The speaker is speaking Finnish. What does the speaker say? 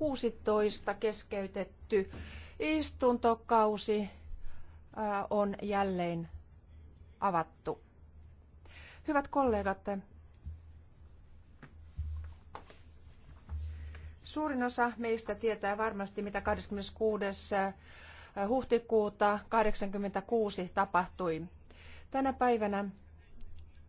16 keskeytetty istuntokausi äh, on jälleen avattu. Hyvät kollegat, suurin osa meistä tietää varmasti, mitä 26. Äh, huhtikuuta 1986 tapahtui. Tänä päivänä